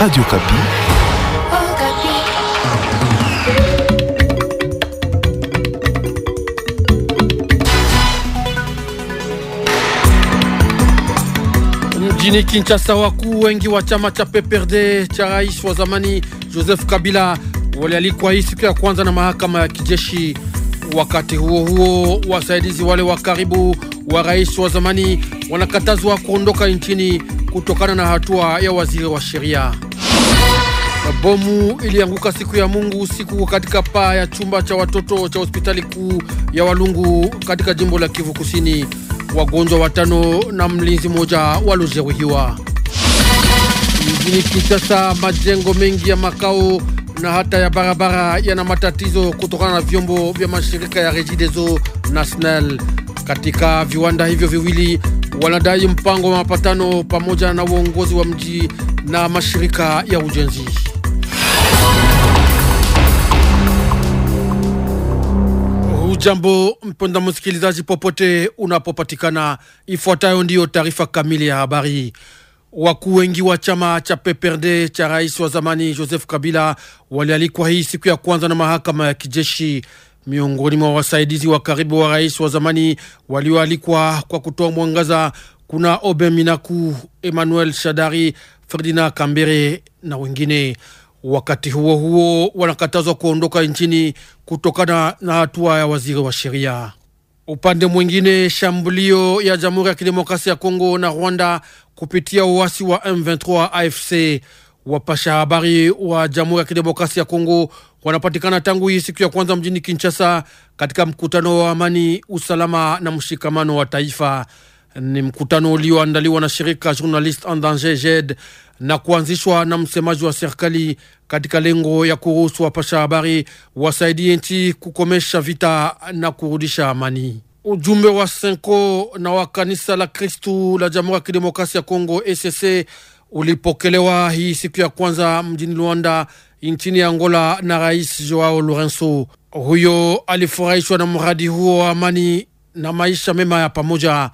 Radio Kapi. Mjini Kinshasa, wakuu wengi wa chama cha PPRD cha rais wa zamani Joseph Kabila walialikwa hii siku ya kwanza na mahakama ya kijeshi. Wakati huo huo, wasaidizi wale wa karibu wa rais wa zamani wanakatazwa kuondoka nchini kutokana na hatua ya waziri wa sheria. Bomu ilianguka siku ya Mungu usiku katika paa ya chumba cha watoto cha hospitali kuu ya Walungu katika jimbo la Kivu Kusini. Wagonjwa watano na mlinzi mmoja waliojeruhiwa. Mjini Kinshasa, majengo mengi ya makao na hata ya barabara yana matatizo kutokana na vyombo vya mashirika ya Regideso na SNEL. Katika viwanda hivyo viwili wanadai mpango wa mapatano pamoja na uongozi wa mji na mashirika ya ujenzi. Ujambo mpenda msikilizaji, popote unapopatikana, ifuatayo ndiyo taarifa kamili ya habari. Wakuu wengi wa chama cha PPRD cha rais wa zamani Joseph Kabila walialikwa hii siku ya kwanza na mahakama ya kijeshi. Miongoni mwa wasaidizi wa karibu wa rais wa zamani walioalikwa kwa kutoa mwangaza kuna Obe Minaku, Emmanuel Shadari, Ferdinand Kambere na wengine. Wakati huo huo, wanakatazwa kuondoka nchini kutokana na hatua ya waziri wa sheria. Upande mwingine, shambulio ya Jamhuri ya Kidemokrasia ya Kongo na Rwanda kupitia uasi wa M23 AFC. Wapasha habari wa Jamhuri ya Kidemokrasia ya Kongo wanapatikana tangu hii siku ya kwanza mjini Kinshasa katika mkutano wa amani, usalama na mshikamano wa taifa. Ni mkutano ulioandaliwa na shirika Journalist en Danger JED na kuanzishwa na msemaji wa serikali katika lengo ya kuruhusu wapasha habari wasaidie nchi kukomesha vita na kurudisha amani. Ujumbe wa Senko na wa kanisa la Kristu la Jamhuri ya Kidemokrasia ya Kongo ECC ulipokelewa hii siku ya kwanza mjini Luanda nchini Angola na Rais Joao Lorenso. Huyo alifurahishwa na mradi huo wa amani na maisha mema ya pamoja.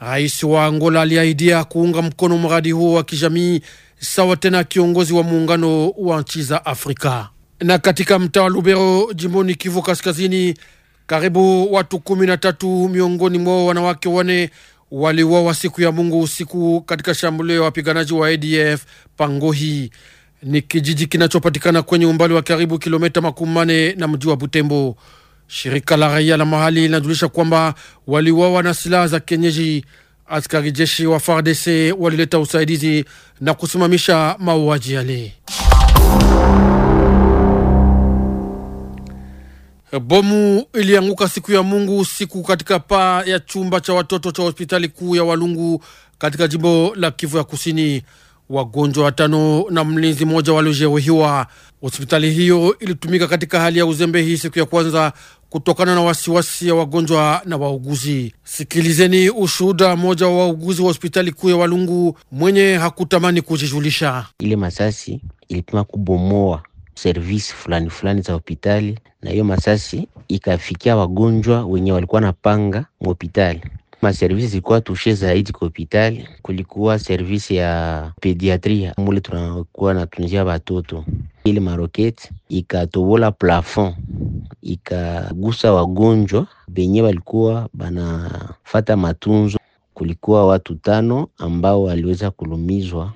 Rais wa Angola aliahidia kuunga mkono mradi huo wa kijamii sawa tena kiongozi wa muungano wa nchi za Afrika. Na katika mtaa wa Lubero jimboni Kivu Kaskazini, karibu watu kumi na tatu miongoni mwao wanawake wane waliuawa siku ya Mungu usiku katika shambulio ya wapiganaji wa ADF Pangohi. Ni kijiji kinachopatikana kwenye umbali wa karibu kilometa makumi mane na mji wa Butembo. Shirika la raia la mahali linajulisha kwamba waliuawa na silaha za kienyeji. Askari jeshi wa FARDC walileta usaidizi na kusimamisha mauaji yale. Bomu ilianguka siku ya Mungu siku katika paa ya chumba cha watoto cha hospitali kuu ya Walungu katika jimbo la Kivu ya Kusini wagonjwa watano na mlinzi mmoja waliojeruhiwa. Hospitali hiyo ilitumika katika hali ya uzembe hii siku ya kwanza kutokana na wasiwasi ya wagonjwa na wauguzi. Sikilizeni ushuhuda mmoja wa wauguzi wa hospitali kuu ya Walungu mwenye hakutamani kujijulisha. Ile masasi ilipima kubomoa servisi fulani fulani za hospitali, na hiyo masasi ikafikia wagonjwa wenye walikuwa na panga mhospitali Maservisi zilikuwa tushe zaidi kwa hopitali, kulikuwa servisi ya pediatria mule tunakuwa natunzia batoto. Ile maroketi ikatobola plafond ikagusa wagonjwa benye balikuwa banafata matunzo. Kulikuwa watu tano ambao waliweza kulumizwa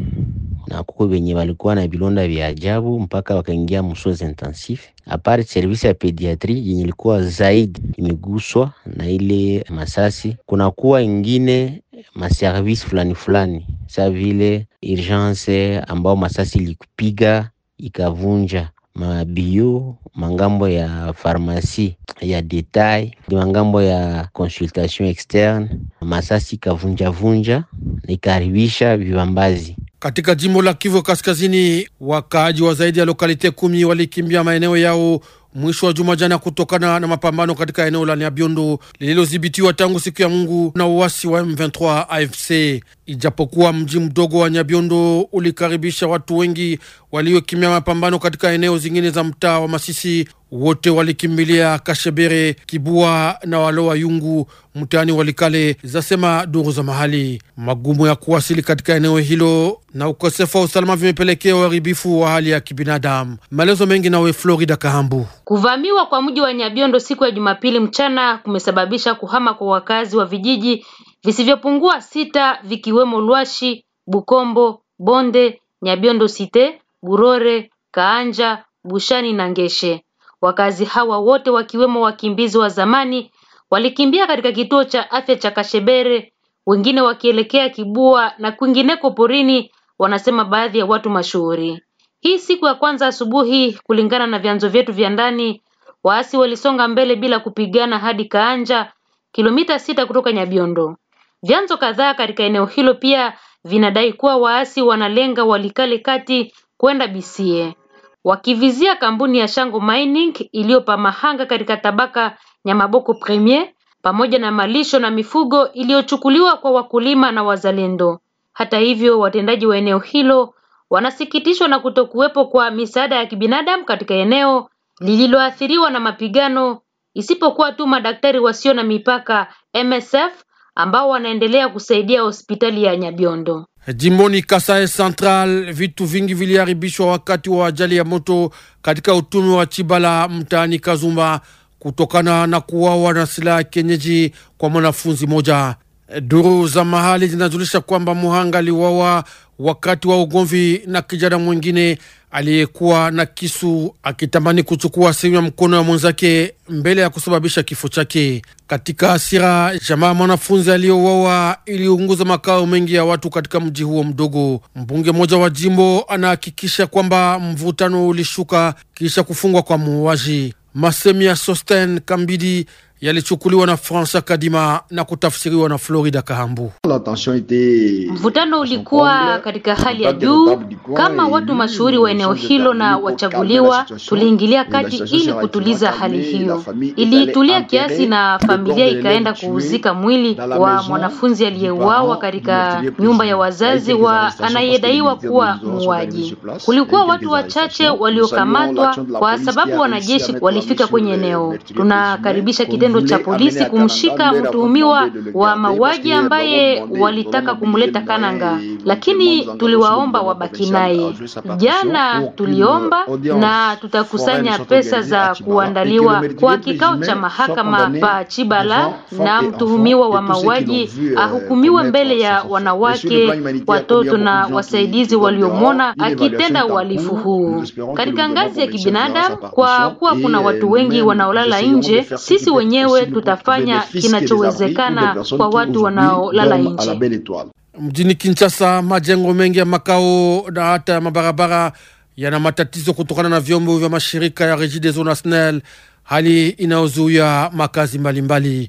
na kuko benye balikuwa na vilonda vya ajabu mpaka wakaingia msozi intensif apart servisi ya pediatri yenye ilikuwa zaidi imeguswa na ile masasi, kunakuwa ingine maservisi fulani fulani, sa vile urgence ambao masasi ilikupiga ikavunja mabio, mangambo ya farmasi ya detail, mangambo ya consultation externe. Masasi ikavunjavunja ikaribisha vivambazi katika jimbo la Kivu Kaskazini. Wakaaji wa zaidi ya lokalite kumi walikimbia maeneo yao mwisho wa juma jana, kutokana na mapambano katika eneo la Nyabiondo lililodhibitiwa tangu siku ya Mungu na uasi wa M23 AFC. Ijapokuwa mji mdogo wa Nyabiondo ulikaribisha watu wengi waliokimia mapambano katika eneo zingine za mtaa wa Masisi wote walikimbilia Kashebere, Kibua na Walowa Yungu mtaani Walikale, zasema duru za mahali. Magumu ya kuwasili katika eneo hilo na ukosefu wa usalama vimepelekea uharibifu wa hali ya kibinadamu. Maelezo mengi nawe Florida Kahambu. Kuvamiwa kwa mji wa Nyabiondo siku ya Jumapili mchana kumesababisha kuhama kwa wakazi wa vijiji visivyopungua sita vikiwemo Lwashi, Bukombo, Bonde, Nyabiondo Site, Burore, Kaanja, Bushani na Ngeshe. Wakazi hawa wote wakiwemo wakimbizi wa zamani walikimbia katika kituo cha afya cha Kashebere, wengine wakielekea Kibua na kwingineko porini, wanasema baadhi ya watu mashuhuri. Hii siku ya kwanza asubuhi, kulingana na vyanzo vyetu vya ndani, waasi walisonga mbele bila kupigana hadi Kaanja, kilomita sita kutoka Nyabiondo. Vyanzo kadhaa katika eneo hilo pia vinadai kuwa waasi wanalenga Walikale kati kwenda Bisie wakivizia kampuni ya shango Mining iliyopamahanga katika tabaka Nyamaboko Premier pamoja na malisho na mifugo iliyochukuliwa kwa wakulima na wazalendo. Hata hivyo, watendaji wa eneo hilo wanasikitishwa na kutokuwepo kwa misaada ya kibinadamu katika eneo lililoathiriwa na mapigano isipokuwa tu madaktari wasio na mipaka MSF ambao wanaendelea kusaidia hospitali ya Nyabiondo. Jimboni Kasai Central, vitu vingi viliharibishwa wakati wa ajali ya moto katika utumi wa Chibala mtaani Kazumba kutokana na kuwawa na silaha ya kienyeji kwa mwanafunzi moja. Duru za mahali zinajulisha kwamba muhanga aliwawa wakati wa ugomvi na kijana mwingine aliyekuwa na kisu akitamani kuchukua sehemu ya mkono wa mwenzake mbele ya kusababisha kifo chake. Katika hasira, jamaa mwanafunzi aliyouawa iliunguza makao mengi ya watu katika mji huo mdogo. Mbunge mmoja wa jimbo anahakikisha kwamba mvutano ulishuka kisha kufungwa kwa muuaji. Masemi ya Sosten Kambidi yalichukuliwa na Fransa Kadima na kutafsiriwa na Florida Kahambu. Mvutano ulikuwa katika hali ya juu. Kama watu mashuhuri wa eneo hilo na wachaguliwa, tuliingilia kati ili kutuliza hali hiyo. Ilitulia kiasi na familia ikaenda kuhuzika mwili wa mwanafunzi aliyeuawa katika nyumba ya wazazi wa anayedaiwa kuwa muuaji. Kulikuwa watu wachache waliokamatwa kwa sababu wanajeshi walifika kwenye eneo. Tunakaribisha kitendo kitendo cha polisi kumshika mtuhumiwa wa mauaji ambaye walitaka kumleta Kananga, lakini tuliwaomba wabaki naye. Jana tuliomba na tutakusanya pesa za kuandaliwa kwa kikao cha mahakama pa Chibala na mtuhumiwa wa mauaji ahukumiwe mbele ya wanawake, watoto na wasaidizi waliomwona akitenda uhalifu huu katika ngazi ya kibinadamu, kwa kuwa kuna watu wengi wanaolala nje. Sisi wenyewe wenyewe tutafanya kinachowezekana kwa watu wanaolala nje. Mjini Kinshasa, majengo mengi ya makao na hata ya mabarabara yana matatizo kutokana na vyombo vya mashirika ya Regideso na SNEL, hali inayozuia makazi mbalimbali mbali.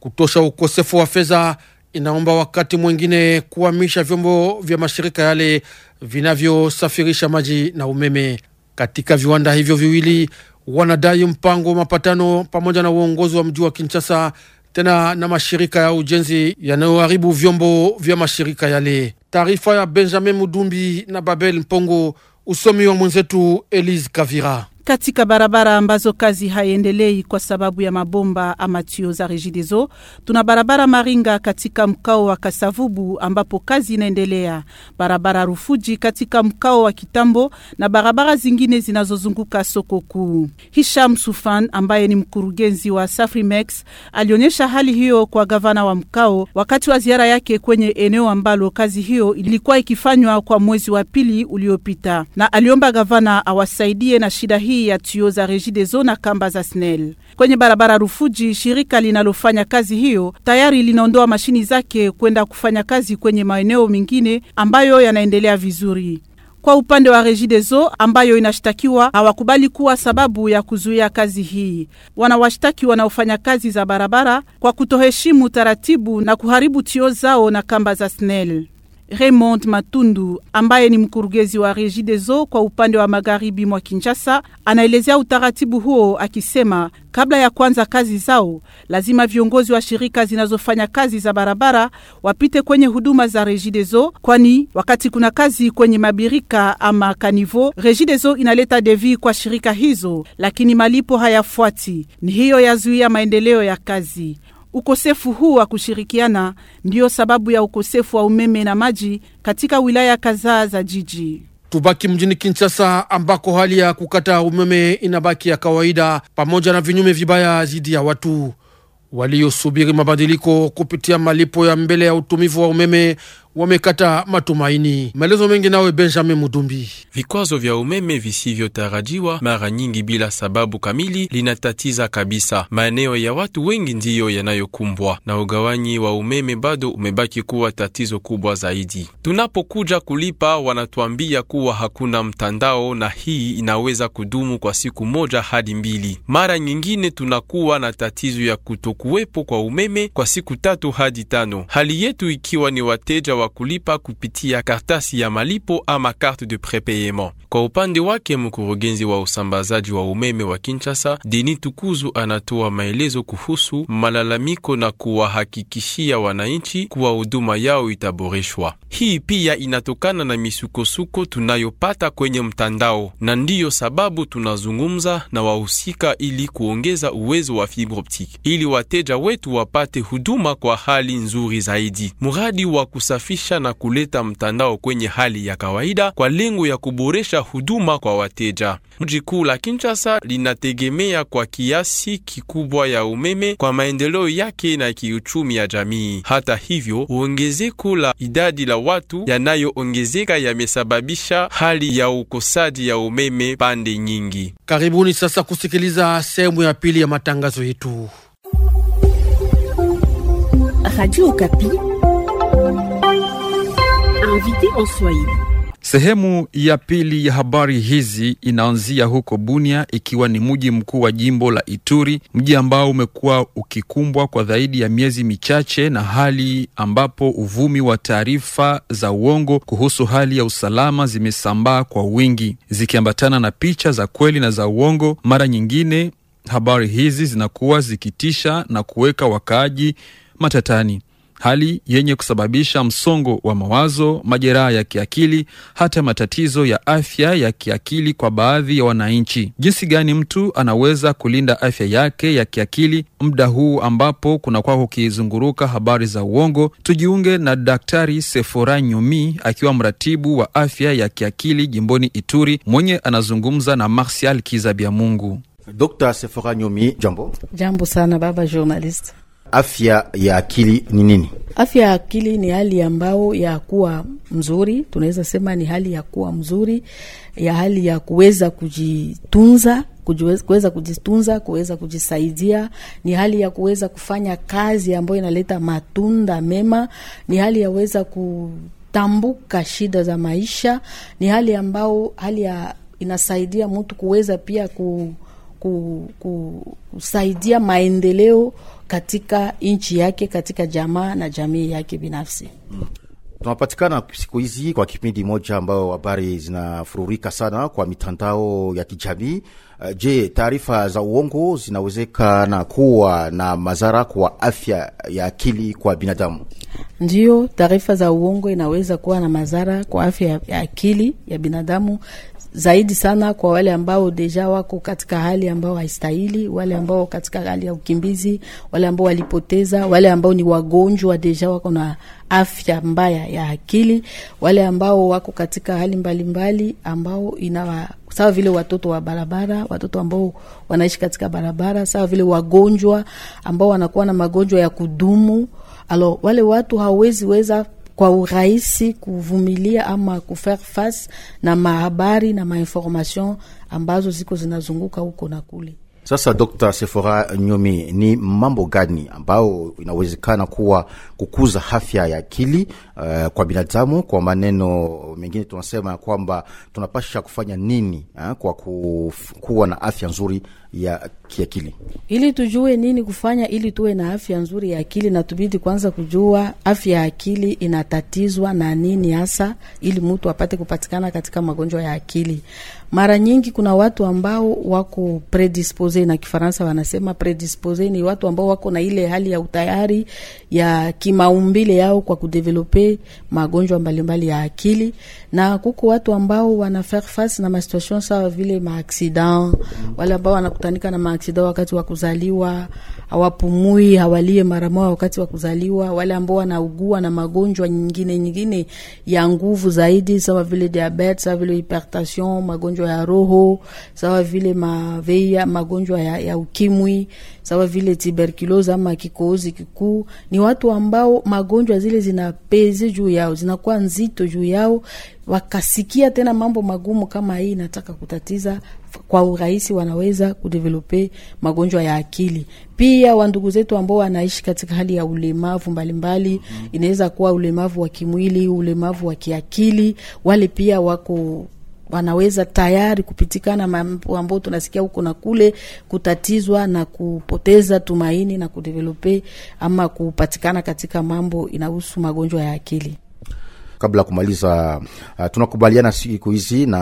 Kutosha ukosefu wa fedha inaomba wakati mwingine kuhamisha vyombo vya mashirika yale vinavyosafirisha maji na umeme katika viwanda hivyo viwili wanadai mpango wa mapatano pamoja na uongozi wa mji wa Kinshasa tena na mashirika ya ujenzi yanayoharibu vyombo vya mashirika yale. Taarifa ya Benjamin Mudumbi na Babel Mpongo, usomi wa mwenzetu Elise Kavira katika barabara ambazo kazi haiendelei kwa sababu ya mabomba ama tio za Regideso. Tuna barabara Maringa katika mkao wa Kasavubu ambapo kazi inaendelea, barabara Rufuji katika mkao wa Kitambo na barabara zingine zinazozunguka soko kuu. Hisham Sufan ambaye ni mkurugenzi wa Safrimex alionyesha hali hiyo kwa gavana wa mkao wakati wa ziara yake kwenye eneo ambalo kazi hiyo ilikuwa ikifanywa kwa mwezi wa pili uliopita, na aliomba gavana awasaidie na shida hii ya tuyo za de na kamba za SNEL kwenye barabara Rufuji. Shirika linalofanya kazi hiyo tayari linaondoa mashini zake kwenda kufanya kazi kwenye maeneo mengine ambayo yanaendelea vizuri. Kwa upande wa Regideso ambayo inashtakiwa hawakubali kuwa sababu ya kuzuia kazi hii. Wanawashtaki wanaofanya kazi za barabara kwa kutoheshimu taratibu na kuharibu tio zao na kamba za SNEL. Raymond Matundu ambaye ni mkurugenzi wa Regideso kwa upande wa magharibi mwa Kinshasa anaelezea utaratibu huo akisema, kabla ya kuanza kazi zao lazima viongozi wa shirika zinazofanya kazi za barabara wapite kwenye huduma za Regideso, kwani wakati kuna kazi kwenye mabirika ama kanivo, Regideso inaleta devi kwa shirika hizo, lakini malipo hayafuati. Ni hiyo yazuia maendeleo ya kazi. Ukosefu huu wa kushirikiana ndiyo sababu ya ukosefu wa umeme na maji katika wilaya kadhaa za jiji. Tubaki mjini Kinshasa ambako hali ya kukata umeme inabaki ya kawaida pamoja na vinyume vibaya dhidi ya watu waliosubiri mabadiliko kupitia malipo ya mbele ya utumivu wa umeme wamekata matumaini. Maelezo mengi nawe Benjamin Mudumbi. Vikwazo vya umeme visivyotarajiwa mara nyingi bila sababu kamili linatatiza kabisa maeneo ya watu wengi, ndiyo yanayokumbwa na ugawanyi wa umeme, bado umebaki kuwa tatizo kubwa zaidi. Tunapokuja kulipa, wanatuambia kuwa hakuna mtandao, na hii inaweza kudumu kwa siku moja hadi mbili. Mara nyingine tunakuwa na tatizo ya kutokuwepo kwa umeme kwa siku tatu hadi tano, hali yetu ikiwa ni wateja wa kulipa kupitia kartasi ya malipo ama karte de prepayement. Kwa upande wake, mkurugenzi wa usambazaji wa umeme wa Kinshasa, Dini Tukuzu, anatoa maelezo kuhusu malalamiko na kuwahakikishia wananchi kuwa huduma yao itaboreshwa. Hii pia inatokana na misukosuko tunayopata kwenye mtandao, na ndiyo sababu tunazungumza na wahusika ili kuongeza uwezo wa fibre optique ili wateja wetu wapate huduma kwa hali nzuri zaidi. Mradi wa kusafiri kusafisha na kuleta mtandao kwenye hali ya kawaida kwa lengo ya kuboresha huduma kwa wateja. Mji kuu la Kinshasa linategemea kwa kiasi kikubwa ya umeme kwa maendeleo yake na kiuchumi ya jamii. Hata hivyo, ongezeko la idadi la watu yanayoongezeka yamesababisha hali ya ukosaji ya umeme pande nyingi. Karibuni sasa kusikiliza sehemu ya pili ya matangazo yetu. Radio Kapi invité en Swahili. Sehemu ya pili ya habari hizi inaanzia huko Bunia, ikiwa ni mji mkuu wa jimbo la Ituri, mji ambao umekuwa ukikumbwa kwa zaidi ya miezi michache na hali ambapo uvumi wa taarifa za uongo kuhusu hali ya usalama zimesambaa kwa wingi, zikiambatana na picha za kweli na za uongo. Mara nyingine habari hizi zinakuwa zikitisha na kuweka wakaaji matatani hali yenye kusababisha msongo wa mawazo, majeraha ya kiakili, hata matatizo ya afya ya kiakili kwa baadhi ya wananchi. Jinsi gani mtu anaweza kulinda afya yake ya kiakili muda huu ambapo kunakuwa kukizunguruka habari za uongo? Tujiunge na Daktari Sefora Nyumi akiwa mratibu wa afya ya kiakili jimboni Ituri, mwenye anazungumza na Martial Kizabiamungu. Dr. Sefora Nyumi, jambo. Jambo sana baba journalist. Afya ya akili ni nini? Afya ya akili ni hali ambayo ya kuwa mzuri, tunaweza sema ni hali ya kuwa mzuri, ya hali ya kuweza kujitunza kuweza kujitunza, kuweza kujisaidia, ni hali ya kuweza kufanya kazi ambayo inaleta matunda mema, ni hali ya weza kutambuka shida za maisha, ni hali ambao hali ya inasaidia mtu kuweza pia ku kusaidia maendeleo katika nchi yake, katika jamaa na jamii yake binafsi. Tunapatikana siku hizi kwa kipindi moja ambayo habari zinafururika sana kwa mitandao ya kijamii. Eh, je, taarifa za uongo zinawezekana kuwa na madhara kwa afya ya akili kwa binadamu? Ndiyo, taarifa za uongo inaweza kuwa na madhara kwa afya ya akili ya binadamu, zaidi sana kwa wale ambao deja wako katika hali ambao haistahili, wale ambao katika hali ya ukimbizi, wale ambao walipoteza, wale ambao ni wagonjwa deja wako na afya mbaya ya akili, wale ambao wako katika hali mbalimbali mbali, ambao inawa sawa vile watoto wa barabara, watoto ambao wanaishi katika barabara, sawa vile wagonjwa ambao wanakuwa na magonjwa ya kudumu. Alo, wale watu hawezi weza kwa urahisi kuvumilia ama kufaire face na mahabari na mainformation ambazo ziko zinazunguka huko na kule. Sasa Dr. Sefora Nyomi, ni mambo gani ambayo inawezekana kuwa kukuza afya ya akili uh, kwa binadamu? Kwa maneno mengine tunasema ya kwamba tunapasha kufanya nini uh, kwa kuwa na afya nzuri ya kiakili? Ili tujue nini kufanya ili tuwe na afya nzuri ya akili, na tubidi kwanza kujua afya ya akili inatatizwa na nini hasa, ili mtu apate kupatikana katika magonjwa ya akili. Mara nyingi kuna watu ambao wako predispose na Kifaransa wanasema predispose ni watu ambao wako na ile hali ya utayari ya kimaumbile yao kwa kudevelope magonjwa mbalimbali ya akili, na kuko watu ambao wana faire face na masituation sawa vile maaksidan, wale ambao wanakutanika na maaksidan wakati wa kuzaliwa, hawapumui, hawalie mara moja wakati wa kuzaliwa, wale ambao wanaugua na magonjwa nyingine nyingine ya nguvu zaidi sawa vile diabetes, sawa vile hypertension, magonjwa magonjwa ya roho sawa vile maveia, magonjwa ya, ya ukimwi sawa vile tuberculosis ama kikohozi kikuu. Ni watu ambao magonjwa zile zinapezi juu yao, zinakuwa nzito juu yao, wakasikia tena mambo magumu kama hii nataka kutatiza kwa urahisi, wanaweza kudevelope magonjwa ya akili. Pia wandugu zetu ambao wanaishi katika hali ya ulemavu mbalimbali, mm-hmm. inaweza kuwa ulemavu wa kimwili, ulemavu wa kiakili, wale pia wako wanaweza tayari kupitikana mambo ambayo tunasikia huko na kule, kutatizwa na kupoteza tumaini na kudevelope ama kupatikana katika mambo inahusu magonjwa ya akili kabla ya kumaliza uh, tunakubaliana siku hizi na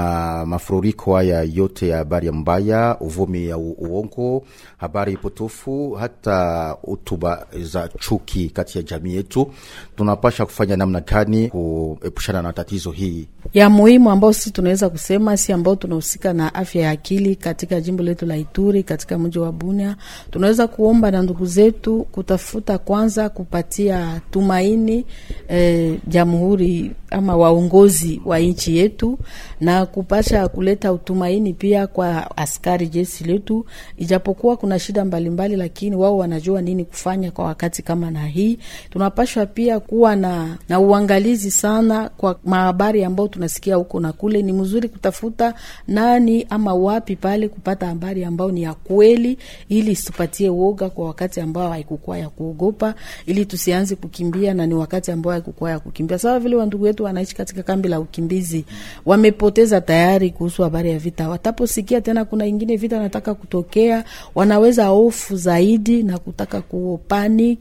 mafuriko haya yote ya habari mbaya, uvumi ya uongo, habari potofu, hata hotuba za chuki kati ya jamii yetu, tunapasha kufanya namna gani kuepushana na tatizo hii ya muhimu, ambao sisi tunaweza kusema si ambao tunahusika na afya ya akili katika jimbo letu la Ituri, katika mji wa Bunia, tunaweza kuomba na ndugu zetu kutafuta kwanza kupatia tumaini eh, jamhuri you ama waongozi wa nchi yetu na kupasha kuleta utumaini pia kwa askari jeshi letu. Ijapokuwa kuna shida mbalimbali mbali, lakini wao wanajua nini kufanya kwa wakati kama na hii. Tunapashwa pia kuwa na, na uangalizi sana kwa mahabari ambao tunasikia huko na kule. Ni mzuri kutafuta nani ama wapi pale kupata habari ambao ni ya kweli, ili situpatie woga kwa wakati ambao haikukuwa ya kuogopa, ili tusianze kukimbia na ni wakati ambao haikukuwa ya kukimbia sawa vile wandugu wetu watu wanaishi katika kambi la ukimbizi wamepoteza tayari kuhusu habari ya vita. Wataposikia tena kuna ingine vita wanataka kutokea, wanaweza hofu zaidi na kutaka ku panic,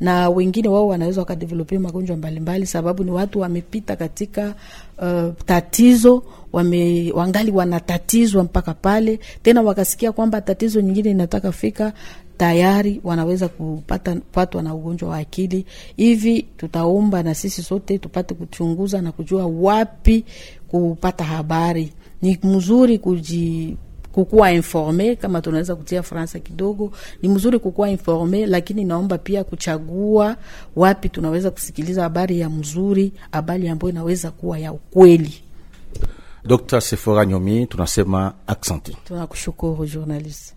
na wengine wao wanaweza wakadevelope magonjwa mbalimbali, sababu ni watu wamepita katika uh, tatizo wame, wangali wanatatizwa mpaka pale tena wakasikia kwamba tatizo nyingine inataka fika tayari wanaweza kupata patwa na ugonjwa wa akili hivi. Tutaomba na sisi sote tupate kuchunguza na kujua wapi kupata habari. Ni mzuri kuji kukuwa informe kama tunaweza kutia Fransa kidogo, ni mzuri kukuwa informe, lakini naomba pia kuchagua wapi tunaweza kusikiliza habari ya mzuri, habari ambayo inaweza kuwa ya ukweli. Dr. Sefora Nyomi, tunasema asante. Tunakushukuru journalist.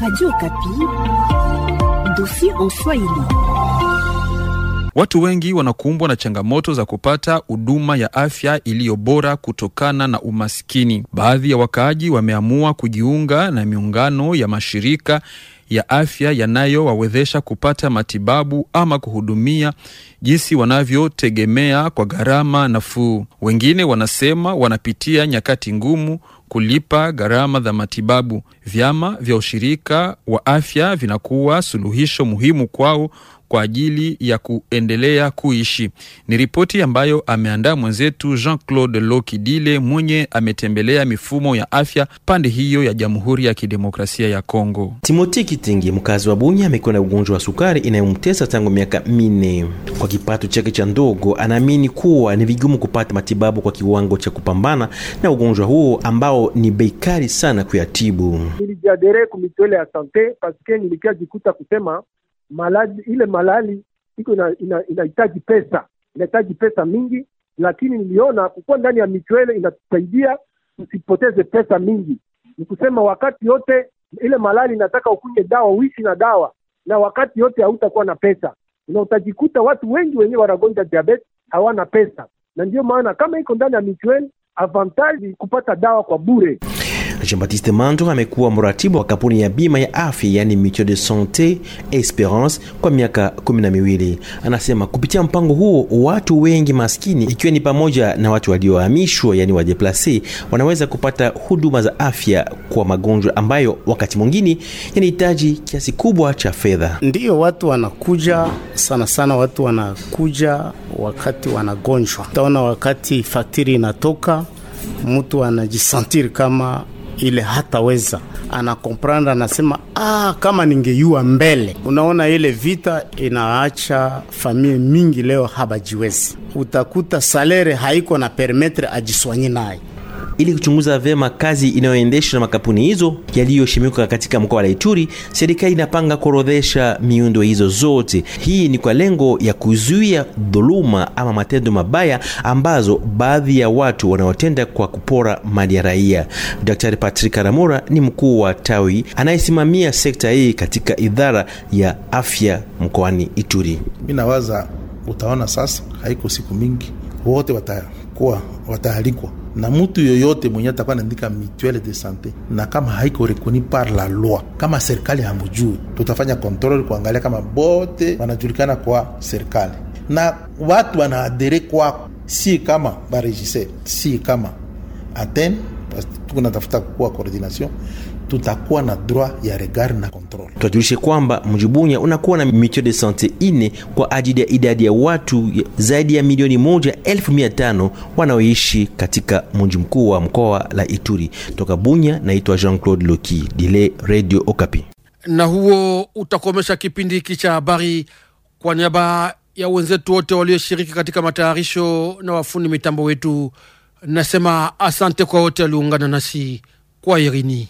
Radio Kapi, en Swahili. Watu wengi wanakumbwa na changamoto za kupata huduma ya afya iliyo bora kutokana na umaskini. Baadhi ya wakaaji wameamua kujiunga na miungano ya mashirika ya afya yanayowawezesha kupata matibabu ama kuhudumia jinsi wanavyotegemea kwa gharama nafuu. Wengine wanasema wanapitia nyakati ngumu kulipa gharama za matibabu. Vyama vya ushirika wa afya vinakuwa suluhisho muhimu kwao kwa ajili ya kuendelea kuishi. Ni ripoti ambayo ameandaa mwenzetu Jean-Claude Lokidile mwenye ametembelea mifumo ya afya pande hiyo ya Jamhuri ya Kidemokrasia ya Kongo. Timothy Kitingi, mkazi wa Bunya, amekuwa na ugonjwa wa sukari inayomtesa tangu miaka minne. Kwa kipato chake cha ndogo, anaamini kuwa ni vigumu kupata matibabu kwa kiwango cha kupambana na ugonjwa huo ambao ni bei kali sana kuyatibu. ya sante paske nilikia jikuta kusema maladi, ile malali iko inahitaji pesa, inahitaji pesa mingi, lakini niliona kukuwa ndani ya michwele inatusaidia usipoteze pesa mingi. Ni kusema wakati yote ile malali inataka ukunywe dawa, uishi na dawa, na wakati yote hautakuwa na pesa, na utajikuta watu wengi wenyewe wanagonja diabetes hawana pesa, na ndio maana kama iko ndani ya michwele avantaji kupata dawa kwa bure. Jean Baptiste Mandro amekuwa mratibu wa kampuni ya bima ya afya yani Mutuelle de Sante Esperance kwa miaka kumi na miwili. Anasema kupitia mpango huo watu wengi maskini ikiwa ni pamoja na watu waliohamishwa yani wadeplase wanaweza kupata huduma za afya kwa magonjwa ambayo wakati mwingine yanahitaji kiasi kubwa cha fedha. Ndiyo watu wanakuja sana sana, watu wanakuja wakati wanagonjwa, utaona wakati faktiri inatoka mtu anajisantiri kama ile hataweza anakompranda, anasema ah, kama ningeyua mbele. Unaona, ile vita inaacha familia mingi leo habajiwezi, utakuta salere haiko na permetre ajiswanye naye ili kuchunguza vyema kazi inayoendeshwa na makampuni hizo yaliyoshimika katika mkoa wa Ituri. Serikali inapanga kuorodhesha miundo hizo zote. Hii ni kwa lengo ya kuzuia dhuluma ama matendo mabaya ambazo baadhi ya watu wanaotenda kwa kupora mali ya raia. Daktari Patrick aramura ni mkuu wa tawi anayesimamia sekta hii katika idara ya afya mkoani Ituri. Mimi nawaza utaona sasa, haiko siku mingi wote watakuwa wataalikwa na mutu yoyote mwenye atakuwa anaandika mutuelle de sante na kama haiko rekoni par la loi, kama serikali hamujui, tutafanya kontrole kuangalia kama bote wanajulikana kwa serikali na watu wanaadere kwako, si kama baregisseur, si kama Atene tuko natafuta kuwa coordination, tutakuwa na droit ya regard na control. kwamba mji Bunya unakuwa na mitio de sante ine kwa ajili ya idadi ya watu zaidi ya milioni moja elfu mia tano wanaoishi katika mji mkuu wa mkoa la Ituri. Toka Bunya, naitwa Jean-Claude Loki dile Radio Okapi, na huo utakomesha kipindi hiki cha habari kwa niaba ya wenzetu wote walioshiriki katika matayarisho na wafundi mitambo wetu Nasema asante kwa wote waliungana nasi kwa Irini.